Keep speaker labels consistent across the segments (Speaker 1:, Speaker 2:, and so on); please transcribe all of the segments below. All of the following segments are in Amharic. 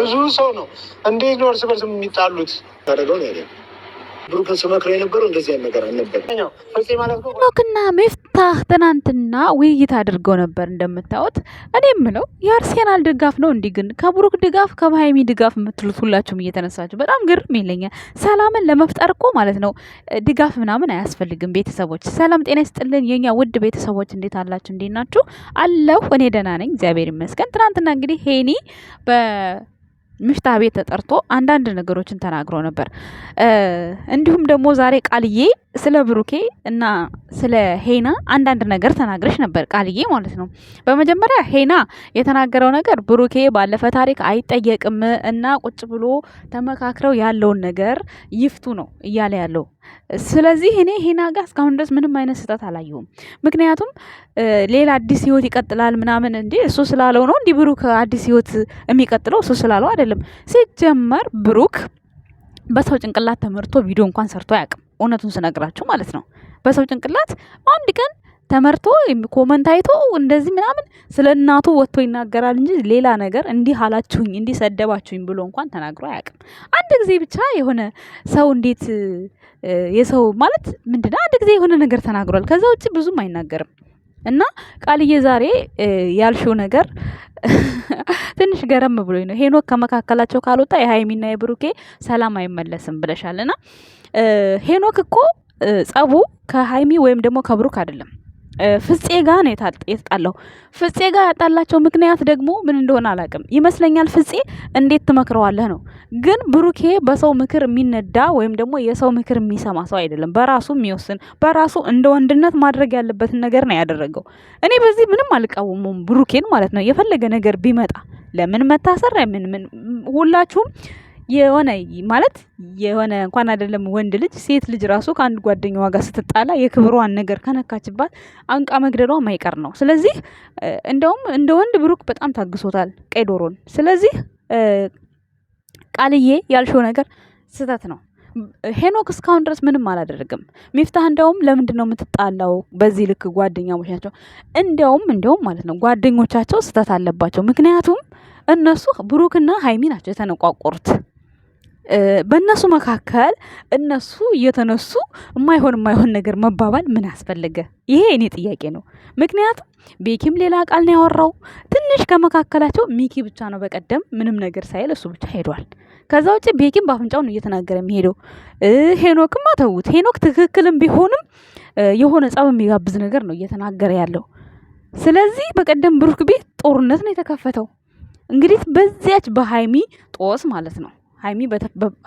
Speaker 1: ብዙ ሰው ነው እንዴት ነው እርስ በርስ የሚጣሉት? ታደረገው ነው ብሩክን ስመክር የነበረው እንደዚህ አይነት ነገር አልነበረም። ብሩክና ሚፍታህ ትናንትና ውይይት አድርገው ነበር እንደምታዩት። እኔ የምለው የአርሴናል ድጋፍ ነው እንዲህ ግን ከብሩክ ድጋፍ ከሀይሚ ድጋፍ የምትሉት ሁላችሁም እየተነሳችሁ በጣም ግርም ይለኛል። ሰላምን ለመፍጠር እኮ ማለት ነው ድጋፍ ምናምን አያስፈልግም። ቤተሰቦች ሰላም ጤና ይስጥልን። የኛ ውድ ቤተሰቦች እንዴት አላችሁ? እንዴት ናችሁ? አለሁ እኔ ደህና ነኝ፣ እግዚአብሔር ይመስገን። ትናንትና እንግዲህ ሄኒ በ ምፍታ ቤት ተጠርቶ አንዳንድ ነገሮችን ተናግሮ ነበር። እንዲሁም ደግሞ ዛሬ ቃልዬ ስለ ብሩኬ እና ስለ ሄና አንዳንድ ነገር ተናግረሽ ነበር ቃልዬ ማለት ነው። በመጀመሪያ ሄና የተናገረው ነገር ብሩኬ ባለፈ ታሪክ አይጠየቅም እና ቁጭ ብሎ ተመካክረው ያለውን ነገር ይፍቱ ነው እያለ ያለው። ስለዚህ እኔ ሄና ጋር እስካሁን ድረስ ምንም አይነት ስህተት አላየሁም። ምክንያቱም ሌላ አዲስ ህይወት ይቀጥላል ምናምን እንዲ እሱ ስላለው ነው እንዲህ ብሩክ አዲስ ህይወት የሚቀጥለው እሱ ስላለው አይደለም። ሲጀመር ብሩክ በሰው ጭንቅላት ተመርቶ ቪዲዮ እንኳን ሰርቶ አያውቅም። እውነቱን ስነግራችሁ ማለት ነው። በሰው ጭንቅላት አንድ ቀን ተመርቶ ኮመንት አይቶ እንደዚህ ምናምን ስለ እናቱ ወጥቶ ይናገራል እንጂ ሌላ ነገር እንዲህ አላችሁኝ እንዲህ ሰደባችሁኝ ብሎ እንኳን ተናግሮ አያውቅም። አንድ ጊዜ ብቻ የሆነ ሰው እንዴት የሰው ማለት ምንድነው አንድ ጊዜ የሆነ ነገር ተናግሯል። ከዛ ውጭ ብዙም አይናገርም። እና ቃልዬ ዛሬ ያልሽው ነገር ትንሽ ገረም ብሎኝ ነው። ሄኖክ ከመካከላቸው ካልወጣ የሀይሚና የብሩኬ ሰላም አይመለስም ብለሻል እና ሄኖክ እኮ ጸቡ ከሀይሚ ወይም ደግሞ ከብሩክ አይደለም ፍጼ ጋ ነው የተጣላው። ፍጼ ጋ ያጣላቸው ምክንያት ደግሞ ምን እንደሆነ አላውቅም። ይመስለኛል ፍጼ እንዴት ትመክረዋለህ ነው። ግን ብሩኬ በሰው ምክር የሚነዳ ወይም ደግሞ የሰው ምክር የሚሰማ ሰው አይደለም። በራሱ የሚወስን በራሱ እንደ ወንድነት ማድረግ ያለበትን ነገር ነው ያደረገው። እኔ በዚህ ምንም አልቃወሙም ብሩኬን ማለት ነው። የፈለገ ነገር ቢመጣ ለምን መታሰር ምን ምን ሁላችሁም የሆነ ማለት የሆነ እንኳን አይደለም ወንድ ልጅ ሴት ልጅ ራሱ ከአንድ ጓደኛዋ ጋር ስትጣላ የክብሯን ነገር ከነካችባት አንቃ መግደሏ ማይቀር ነው። ስለዚህ እንደውም እንደ ወንድ ብሩክ በጣም ታግሶታል ቀይ ዶሮን። ስለዚህ ቃልዬ ያልሽው ነገር ስህተት ነው። ሄኖክ እስካሁን ድረስ ምንም አላደረግም። ሚፍታህ እንደውም ለምንድን ነው የምትጣላው? በዚህ ልክ ጓደኛሞች ናቸው። እንደውም እንደውም ማለት ነው ጓደኞቻቸው ስህተት አለባቸው። ምክንያቱም እነሱ ብሩክና ሀይሚ ናቸው የተነቋቆሩት። በእነሱ መካከል እነሱ እየተነሱ የማይሆን የማይሆን ነገር መባባል ምን አስፈለገ? ይሄ እኔ ጥያቄ ነው። ምክንያቱም ቤኪም ሌላ ቃል ነው ያወራው። ትንሽ ከመካከላቸው ሚኪ ብቻ ነው በቀደም ምንም ነገር ሳይል እሱ ብቻ ሄዷል። ከዛ ውጭ ቤኪም በአፍንጫው ነው እየተናገረ የሚሄደው። ሄኖክም አተዉት። ሄኖክ ትክክልም ቢሆንም የሆነ ጸብ የሚጋብዝ ነገር ነው እየተናገረ ያለው። ስለዚህ በቀደም ብሩክ ቤት ጦርነት ነው የተከፈተው። እንግዲህ በዚያች በሀይሚ ጦስ ማለት ነው።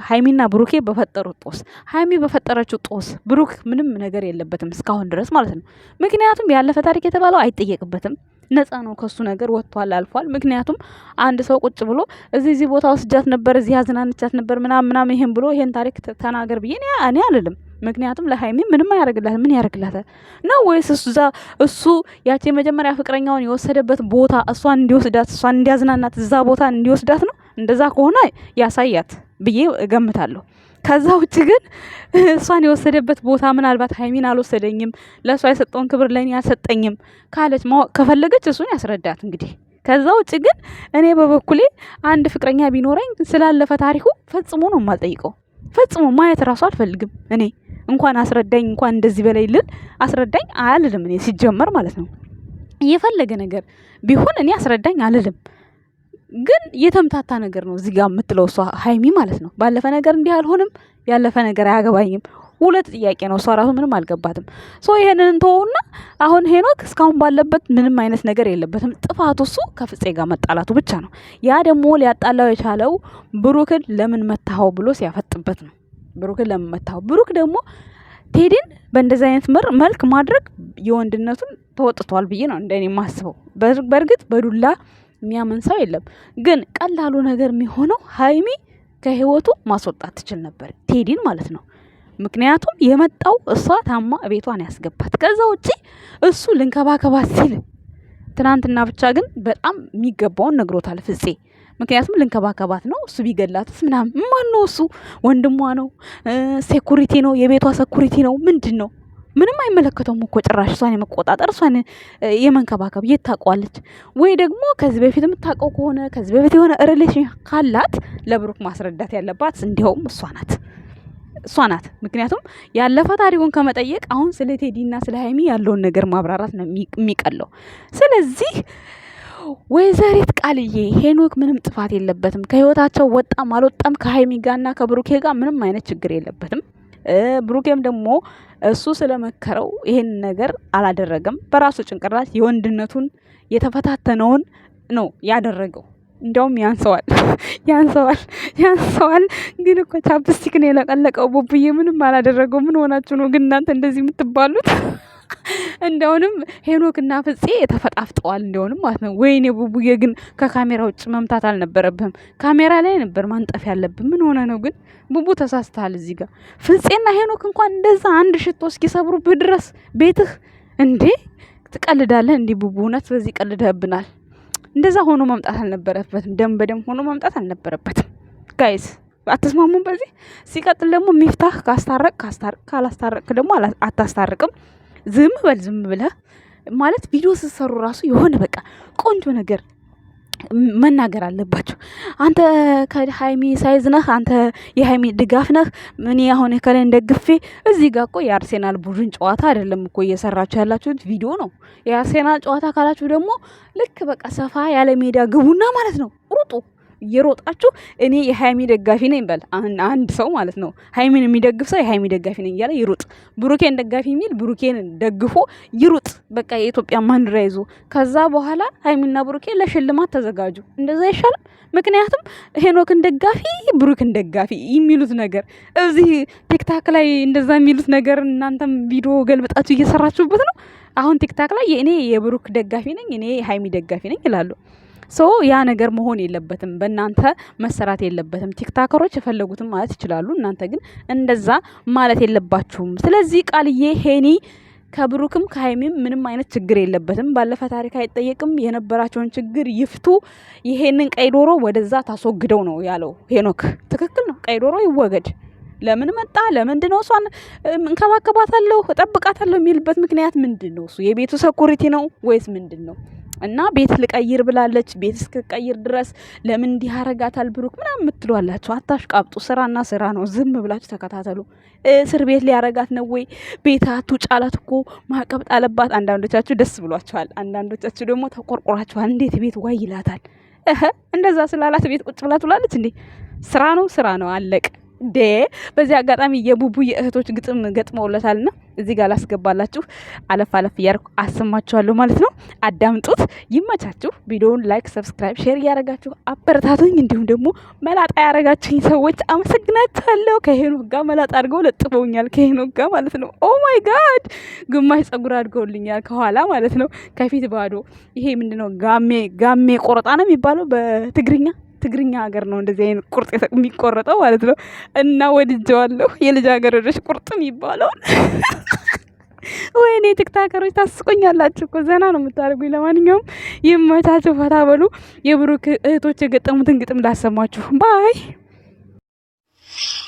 Speaker 1: ሀይሚና ብሩኬ በፈጠሩት ጦስ ሀይሚ በፈጠረችው ጦስ ብሩክ ምንም ነገር የለበትም እስካሁን ድረስ ማለት ነው። ምክንያቱም ያለፈ ታሪክ የተባለው አይጠየቅበትም። ነፃ ነው ከሱ ነገር ወጥቷል፣ አልፏል። ምክንያቱም አንድ ሰው ቁጭ ብሎ እዚህ እዚህ ቦታ ወስጃት ነበር፣ እዚህ አዝናንቻት ነበር ምናም ምናም ይሄን ብሎ ይሄን ታሪክ ተናገር ብዬ እኔ አልልም። ምክንያቱም ለሀይሚ ምንም አያደርግላት ምን ያደርግላታል ነው ወይስ እዛ እሱ ያቺ የመጀመሪያ ፍቅረኛውን የወሰደበት ቦታ እሷን እንዲወስዳት እሷን እንዲያዝናናት እዛ ቦታ እንዲወስዳት ነው እንደዛ ከሆነ ያሳያት ብዬ እገምታለሁ። ከዛ ውጭ ግን እሷን የወሰደበት ቦታ ምናልባት ሀይሚን አልወሰደኝም፣ ለእሷ የሰጠውን ክብር ለእኔ አልሰጠኝም ካለች ማወቅ ከፈለገች እሱን ያስረዳት እንግዲህ። ከዛ ውጭ ግን እኔ በበኩሌ አንድ ፍቅረኛ ቢኖረኝ ስላለፈ ታሪኩ ፈጽሞ ነው የማልጠይቀው። ፈጽሞ ማየት እራሱ አልፈልግም። እኔ እንኳን አስረዳኝ እንኳን እንደዚህ በላይ ልል አስረዳኝ አልልም። እኔ ሲጀመር ማለት ነው የፈለገ ነገር ቢሆን እኔ አስረዳኝ አልልም። ግን የተምታታ ነገር ነው እዚህ ጋር የምትለው እሷ ሀይሚ ማለት ነው። ባለፈ ነገር እንዲህ አልሆንም፣ ያለፈ ነገር አያገባኝም። ሁለት ጥያቄ ነው። እሷ ራሱ ምንም አልገባትም። ሶ ይሄንን እንተወውና አሁን ሄኖክ እስካሁን ባለበት ምንም አይነት ነገር የለበትም። ጥፋቱ እሱ ከፍፄ ጋር መጣላቱ ብቻ ነው። ያ ደግሞ ሊያጣላው የቻለው ብሩክን ለምን መታኸው ብሎ ሲያፈጥበት ነው። ብሩክን ለምን መታኸው? ብሩክ ደግሞ ቴዲን በእንደዚህ አይነት መልክ ማድረግ የወንድነቱን ተወጥቷል ብዬ ነው እንደኔ ማስበው። በእርግጥ በዱላ የሚያምን ሰው የለም። ግን ቀላሉ ነገር የሚሆነው ሀይሚ ከህይወቱ ማስወጣት ትችል ነበር፣ ቴዲን ማለት ነው። ምክንያቱም የመጣው እሷ ታማ ቤቷን ያስገባት። ከዛ ውጪ እሱ ልንከባከባት ሲል ትናንትና ብቻ ግን በጣም የሚገባውን ነግሮታል ፍፄ። ምክንያቱም ልንከባከባት ነው እሱ ቢገላትስ ምናምን ማን ነው እሱ? ወንድሟ ነው፣ ሴኩሪቲ ነው፣ የቤቷ ሴኩሪቲ ነው፣ ምንድን ነው ምንም አይመለከተውም እኮ ጭራሽ እሷን የመቆጣጠር እሷን የመንከባከብ የት ታውቀዋለች? ወይ ደግሞ ከዚህ በፊት የምታውቀው ከሆነ ከዚህ በፊት የሆነ ሪሌሽን ካላት ለብሩክ ማስረዳት ያለባት እንዲያውም እሷ ናት እሷ ናት። ምክንያቱም ያለፈ ታሪኩን ከመጠየቅ አሁን ስለ ቴዲና ስለ ሀይሚ ያለውን ነገር ማብራራት ነው የሚቀለው። ስለዚህ ወይዘሪት ቃልዬ ሄኖክ ምንም ጥፋት የለበትም። ከህይወታቸው ወጣም አልወጣም ከሀይሚ ጋርና ከብሩኬ ጋር ምንም አይነት ችግር የለበትም። ብሩኬም ደግሞ እሱ ስለመከረው ይሄን ነገር አላደረገም። በራሱ ጭንቅላት የወንድነቱን የተፈታተነውን ነው ያደረገው። እንዲያውም ያንሰዋል ያንሰዋል ያንሰዋል። ግን እኮ ቻፕስቲክ ነው የለቀለቀው። ቡቡዬ ምንም አላደረገው። ምን ሆናችሁ ነው ግን እናንተ እንደዚህ የምትባሉት? እንደውንም ሄኖክና ፍፄ ተፈጣፍጠዋል። እንደውንም ማለት ነው። ወይኔ ቡቡዬ ግን ከካሜራ ውጭ መምታት አልነበረብህም። ካሜራ ላይ ነበር ማንጠፍ ያለብህ። ምን ሆነ ነው ግን ቡቡ ተሳስተሃል። እዚህ ጋር ፍፄና ሄኖክ እንኳን እንደዛ አንድ ሽቶ እስኪሰብሩብህ ድረስ ቤትህ እንዴ ትቀልዳለህ። እንዲህ ቡቡ እውነት በዚህ ቀልደህብናል። እንደዛ ሆኖ መምጣት አልነበረበትም። ደም በደም ሆኖ መምጣት አልነበረበትም። ጋይስ አትስማሙም በዚህ። ሲቀጥል ደግሞ ሚፍታህ ካስታረቅ ካስታርቅ ካላስታረቅ ደግሞ አታስታርቅም። ዝም በል ዝም ብለህ ማለት ቪዲዮ ስትሰሩ ራሱ የሆነ በቃ ቆንጆ ነገር መናገር አለባቸው። አንተ ከሀይሚ ሳይዝ ነህ፣ አንተ የሀይሚ ድጋፍ ነህ። እኔ አሁን እንደ ግፌ እዚህ ጋር እኮ የአርሴናል ቡድን ጨዋታ አይደለም እኮ እየሰራችሁ ያላችሁት ቪዲዮ ነው። የአርሴናል ጨዋታ ካላችሁ ደግሞ ልክ በቃ ሰፋ ያለ ሜዳ ግቡና ማለት ነው ሩጡ። እየሮጣችሁ እኔ የሀይሚ ደጋፊ ነኝ በል። አንድ ሰው ማለት ነው ሀይሚን የሚደግፍ ሰው የሀይሚ ደጋፊ ነኝ እያለ ይሩጥ። ብሩኬን ደጋፊ የሚል ብሩኬን ደግፎ ይሩጥ። በቃ የኢትዮጵያ ማንድራ ይዞ ከዛ በኋላ ሀይሚና ብሩኬ ለሽልማት ተዘጋጁ። እንደዛ ይሻላል። ምክንያቱም ሄኖክን ደጋፊ ብሩክን ደጋፊ የሚሉት ነገር እዚህ ቲክታክ ላይ እንደዛ የሚሉት ነገር እናንተም ቪዲዮ ገልብጣችሁ እየሰራችሁበት ነው። አሁን ቲክታክ ላይ እኔ የብሩክ ደጋፊ ነኝ፣ እኔ ሀይሚ ደጋፊ ነኝ ይላሉ። ሶ ያ ነገር መሆን የለበትም፣ በእናንተ መሰራት የለበትም። ቲክታከሮች የፈለጉትም ማለት ይችላሉ። እናንተ ግን እንደዛ ማለት የለባችሁም። ስለዚህ ቃልዬ ሄኒ ከብሩክም ከሀይሚም ምንም አይነት ችግር የለበትም። ባለፈ ታሪክ አይጠየቅም። የነበራቸውን ችግር ይፍቱ። ይሄንን ቀይ ዶሮ ወደዛ ታስወግደው ነው ያለው ሄኖክ። ትክክል ነው። ቀይ ዶሮ ይወገድ። ለምን መጣ? ለምንድን ነው እሷን እንከባከባታለሁ እጠብቃታለሁ የሚልበት ምክንያት ምንድን ነው? እሱ የቤቱ ሰኩሪቲ ነው ወይስ ምንድን ነው? እና ቤት ልቀይር ብላለች። ቤት እስክቀይር ድረስ ለምን እንዲህ ያረጋታል ብሩክ ምናምን የምትሏላችሁ አታሽቃብጡ። ስራና ስራ ነው። ዝም ብላችሁ ተከታተሉ። እስር ቤት ሊያረጋት ነው ወይ? ቤት አትውጭ እኮ ማዕቀብ ጣለባት። አንዳንዶቻችሁ ደስ ብሏችኋል፣ አንዳንዶቻችሁ ደግሞ ተቆርቁራችኋል። እንዴት ቤት ዋይ ይላታል? እንደዛ ስላላት ቤት ቁጭ ብላ ትውላለች እንዴ? ስራ ነው፣ ስራ ነው፣ አለቅ ዴ በዚህ አጋጣሚ የቡቡዬ እህቶች ግጥም ና እዚህ ጋር ላስገባላችሁ። አለፍ አለፍ እያደረኩ አሰማችኋለሁ ማለት ነው። አዳምጡት፣ ይመቻችሁ። ቪዲዮውን ላይክ፣ ሰብስክራይብ፣ ሼር እያደረጋችሁ አበረታቱኝ። እንዲሁም ደግሞ መላጣ ያደረጋችሁኝ ሰዎች አመሰግናችኋለሁ። ከሄኖክ ጋር መላጣ አድርገው ለጥፈውኛል። ከሄኖክ ጋር ማለት ነው። ኦ ማይ ጋድ ግማሽ ጸጉር አድርገውልኛል ከኋላ ማለት ነው፣ ከፊት ባዶ። ይሄ ምንድነው? ጋሜ ጋሜ ቆረጣ ነው የሚባለው በትግርኛ ትግርኛ ሀገር ነው እንደዚህ አይነት ቁርጥ የሚቆረጠው ማለት ነው። እና ወድጀዋለሁ የልጃገረዶች ቁርጥ የሚባለውን። ወይኔ ቲክታከሮች ታስቆኛላችሁ እኮ ዘና ነው የምታደርጉኝ። ለማንኛውም ይመቻችሁ፣ ፈታ በሉ። የብሩክ እህቶች የገጠሙትን ግጥም ላሰማችሁ ባይ።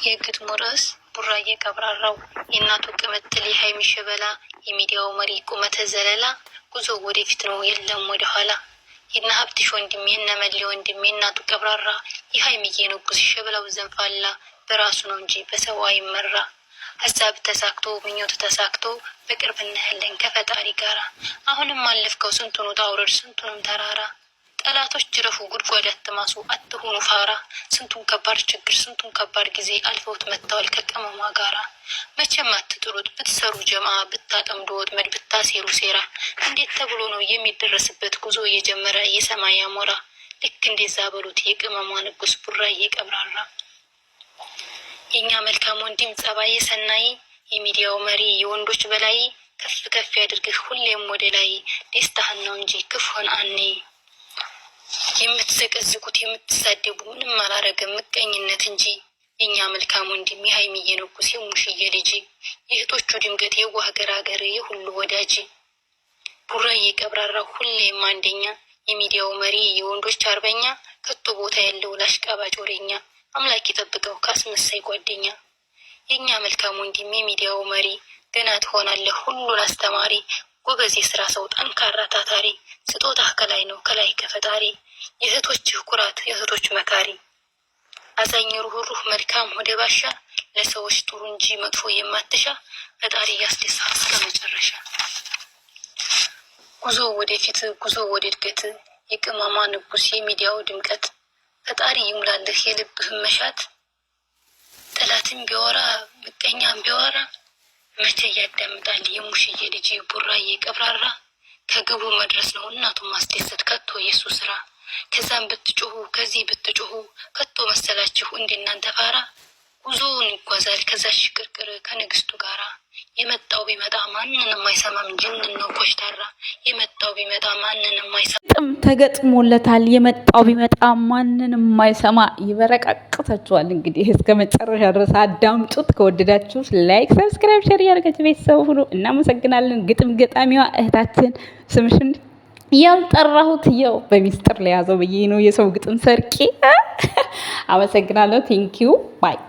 Speaker 2: የግጥሙ ርዕስ ቡራዬ ቀብራራው፣ የእናቱ ቅምጥል፣ የሀይሚ ሸበላ፣ የሚዲያው መሪ ቁመተ ዘለላ፣ ጉዞ ወደፊት ነው የለም ወደኋላ የነ ሀብትሽ ወንድም የነ መሌ ወንድም የእናቱ ቀብራራ የሀይምዬ ንጉስ ሸበላው ዘንፋላ በራሱ ነው እንጂ በሰው አይመራ። ሀሳብ ተሳክቶ ምኞት ተሳክቶ በቅርብ እናያለን ከፈጣሪ ጋራ። አሁንም አለፍከው ስንቱን ውጣ ውረድ ስንቱንም ተራራ ጠላቶች ጅረፉ፣ ጉድጓድ አትማሱ፣ አትሁኑ ፋራ። ስንቱን ከባድ ችግር ስንቱን ከባድ ጊዜ አልፈውት መጥተዋል ከቅመሟ ጋራ። መቼም አትጥሩት ብትሰሩ ጀማ፣ ብታጠምዱ ወጥመድ፣ ብታሴሩ ሴራ። እንዴት ተብሎ ነው የሚደረስበት ጉዞ እየጀመረ የሰማይ አሞራ? ልክ እንደዛ በሉት የቅመሟ ንጉስ ቡራ እየቀብራራ የእኛ መልካም ወንድም ጸባይ ሰናይ፣ የሚዲያው መሪ የወንዶች በላይ፣ ከፍ ከፍ ያድርግህ ሁሌም ወደ ላይ። ደስታህን ነው እንጂ ክፍሆን አኔ የምትዘቀዝቁት የምትሳደቡ ምንም አላረገ ምቀኝነት እንጂ የእኛ መልካም ወንድም የሀይሚዬ ንጉስ የሙሽዬ ልጅ የእህቶቹ ድምገት ሀገር ሀገር የሁሉ ወዳጅ ቡራዬ ቀብራራው ሁሌም አንደኛ የሚዲያው መሪ የወንዶች አርበኛ ከቶ ቦታ ያለው ላሽቃባጭ ወሬኛ አምላክ የጠብቀው ከአስመሳይ ጓደኛ የእኛ መልካም ወንድም የሚዲያው መሪ ገና ትሆናለህ ሁሉን አስተማሪ ጎበዝ፣ የስራ ሰው፣ ጠንካራ ታታሪ፣ ስጦታ ከላይ ነው ከላይ ከፈጣሪ፣ የእህቶችህ ኩራት፣ የእህቶች መካሪ፣ አዛኝ፣ ሩህሩህ፣ መልካም ወደ ባሻ፣ ለሰዎች ጥሩ እንጂ መጥፎ የማትሻ፣ ፈጣሪ ያስደሳ እስከ መጨረሻ። ጉዞ ወደፊት፣ ጉዞ ወደ እድገት፣ የቅማማ ንጉስ፣ የሚዲያው ድምቀት፣ ፈጣሪ ይሙላልህ የልብህን መሻት፣ ጠላትን ቢወራ ምቀኛን ቢወራ መቼ እያዳምጣል የሙሽዬ ልጅ ቡራዬ ቀብራራ ከግቡ መድረስ ነው እናቱን ማስደሰት ከቶ የእሱ ስራ ከዛም ብትጩሁ ከዚህ ብትጩሁ ከቶ መሰላችሁ እንደ እናንተ ፋራ ጉዞውን ይጓዛል ከዛ ሽቅርቅር ከንግስቱ ጋራ የመጣው ቢመጣ ማንንም አይሰማም። ጅንን ነው ኮሽታራ። የመጣው ቢመጣ ማንንም
Speaker 1: አይሰማም። ተገጥሞለታል። የመጣው ቢመጣ ማንንም አይሰማ። ይበረቃቅታችኋል። እንግዲህ እስከ መጨረሻ ድረስ አዳምጡት። ከወደዳችሁ ላይክ፣ ሰብስክራይብ፣ ሸር ያደርጋችሁ ቤተሰብ ሁሉ እናመሰግናለን። ግጥም ገጣሚዋ እህታችን ስምሽን ያልጠራሁት ያው በሚስጥር ለያዘው ብዬ ነው የሰው ግጥም ሰርቄ። አመሰግናለሁ። ቴንኪዩ ባይ